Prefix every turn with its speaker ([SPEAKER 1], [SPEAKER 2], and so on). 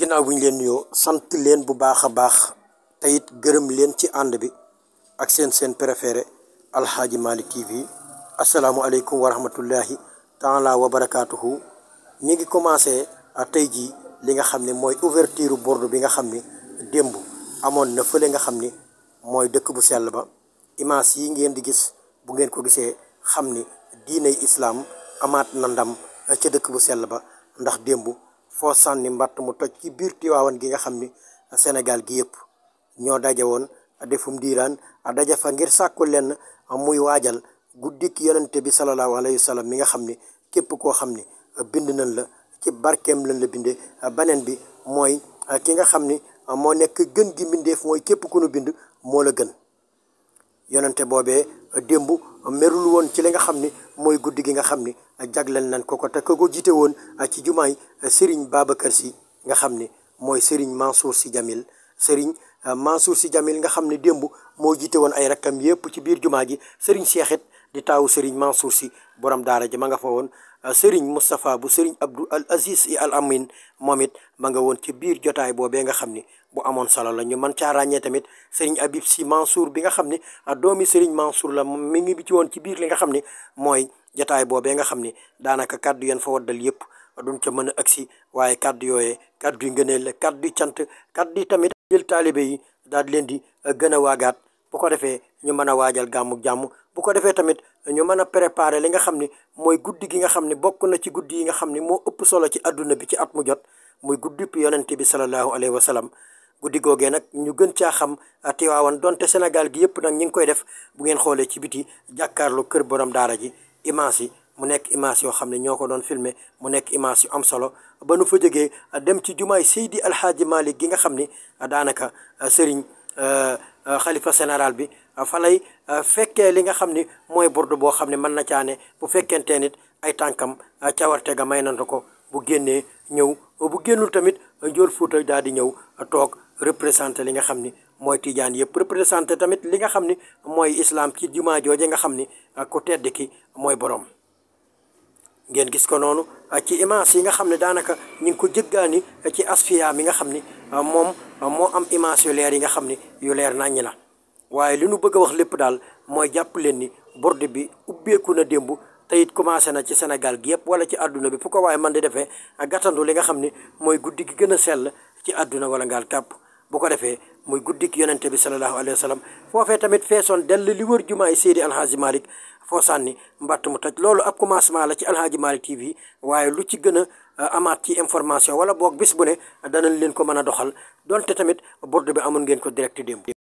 [SPEAKER 1] ginnaaw bi ñu leen nuyoo sant leen bu baax a baax te it gërëm leen ci ànd bi ak seen seen préféré alxaaji Malick TV asalaamualeykum wa rahmatullahi taala wa barakaatuhu ñi ngi commencé tey jii li nga xam ne mooy ouverture Bordeaux bi nga xam ni démb amoon na fële nga xam ni mooy dëkk bu sell ba image yi ngeen di gis bu ngeen ko gisee xam ni diiney islaam amaat na ndam ca dëkk bu sell ba ndax démb foo sànni mbatt mu toj ci biir Tiwaawan gi nga xam ni Sénégal gi yëpp ñoo daje woon defum diiraan daja fa ngir sàkku lenn muy waajal guddik yonente bi salallaahu alayhi wa sallam mi nga xam ni képp koo xam ni bind nañ la ci barkeem lañ la binde beneen bi mooy ki nga xam ni moo nekk gën gi mbindeef mooy képp ku nu bind moo la gën yonente boobee démb merul woon ci li nga xam ni mooy guddi gi nga xam ni jagleel nañ ko ko te ko jiite woon ci jumaay Serigne Babacar si nga xam ni mooy Serigne Mansour Sy Jamil Serigne Mansour Sy Jamil nga xam ni démb moo jiite woon ay rakkam yépp ci biir jumaa ji Serigne Cheikh it di taawu Serigne Mansour si borom daara ji ma nga fa woon Euh, Serigne Moustapha bu Serigne Abdou Al Aziz i Al Amin moom it ma nga woon ci biir jotaay boobee nga xam ni bu amoon solo la ñu man caa ràññee tamit Serigne Habib Sy Mansour bi nga xam ni doomi Serigne Mansour la mi ngi ci woon ci biir li nga xam ni mooy jotaay boobee nga xam ni daanaka kàddu yeen fa waddal yëpp duñ ca mën a agsi waaye kàddu yooyee kàddu yi ngëneel la kàddu yu cant kàddu yi tamit jël taalibe yi daal di leen di euh, gën a waagaat bu ko defee ñu mën a waajal gàmmu jàmm bu ko defee tamit ñu mën a préparer li nga xam ni mooy guddi gi nga xam ni bokk na ci guddi yi nga xam ni moo ëpp solo ci àdduna bi ci at mu jot muy guddi yonent bi sallallahu alayhi wa sallam guddi googee nag ñu gën caa xam ah, Tiwaawan donte Sénégal gi yëpp nag ñu ngi koy def bu ngeen xoolee ci biti jàkkaarloo kër borom daara ji image yi mu nekk image yoo xam ne ñoo ko doon filmer mu nekk image yu am solo ba nu fa jógee ah, dem ci jumaay Seydi Alhaaji Malik gi nga xam ni ah, daanaka sëriñ Euh, xalifa général bi euh, falay lay euh, fekkee li nga xam ni mooy burdu boo xam ne mën na caane bu fekkente nit ay tànkam cawarte ga may nanta ko bu génnee ñëw bu génnul tamit joor Fuuta daal di ñëw a toog représenté li nga xam ni mooy tijaan yëpp représenté tamit li nga xam ni mooy islam ci jumaa jooje nga xam ni a tedd ki mooy borom. ngeen gis ko noonu ah, ci image yi nga xam ne daanaka ñu ngi ko jëggaani ah, ci asfiya mi nga xam ni ah, moom moo am image yu leer yi nga xam ni yu leer naññi la waaye li nu bëgg a wax lépp daal mooy jàpp leen ni borde bi ubbeeku na démb te it commencé na ci Sénégal gi yëpp wala ci àdduna bi fu ko waaye man di defee gàttandu li nga xam ni mooy guddi gi gën a sell ci àdduna wala ngaal kàpp bu ko defee mooy guddik yonente bi sallallahu alayhi wa sallam foofee tamit feesoon dell li wër jumaay Seydi Alhaaji Malick foo sànni mbatt mu toj loolu ak commencement la ci Alhaaji Malick TV waaye lu ci gën a uh, amaat ci information wala boog bis bu ne danañ leen ko mën a doxal donte tamit bord bi amoon ngeen ko direct démb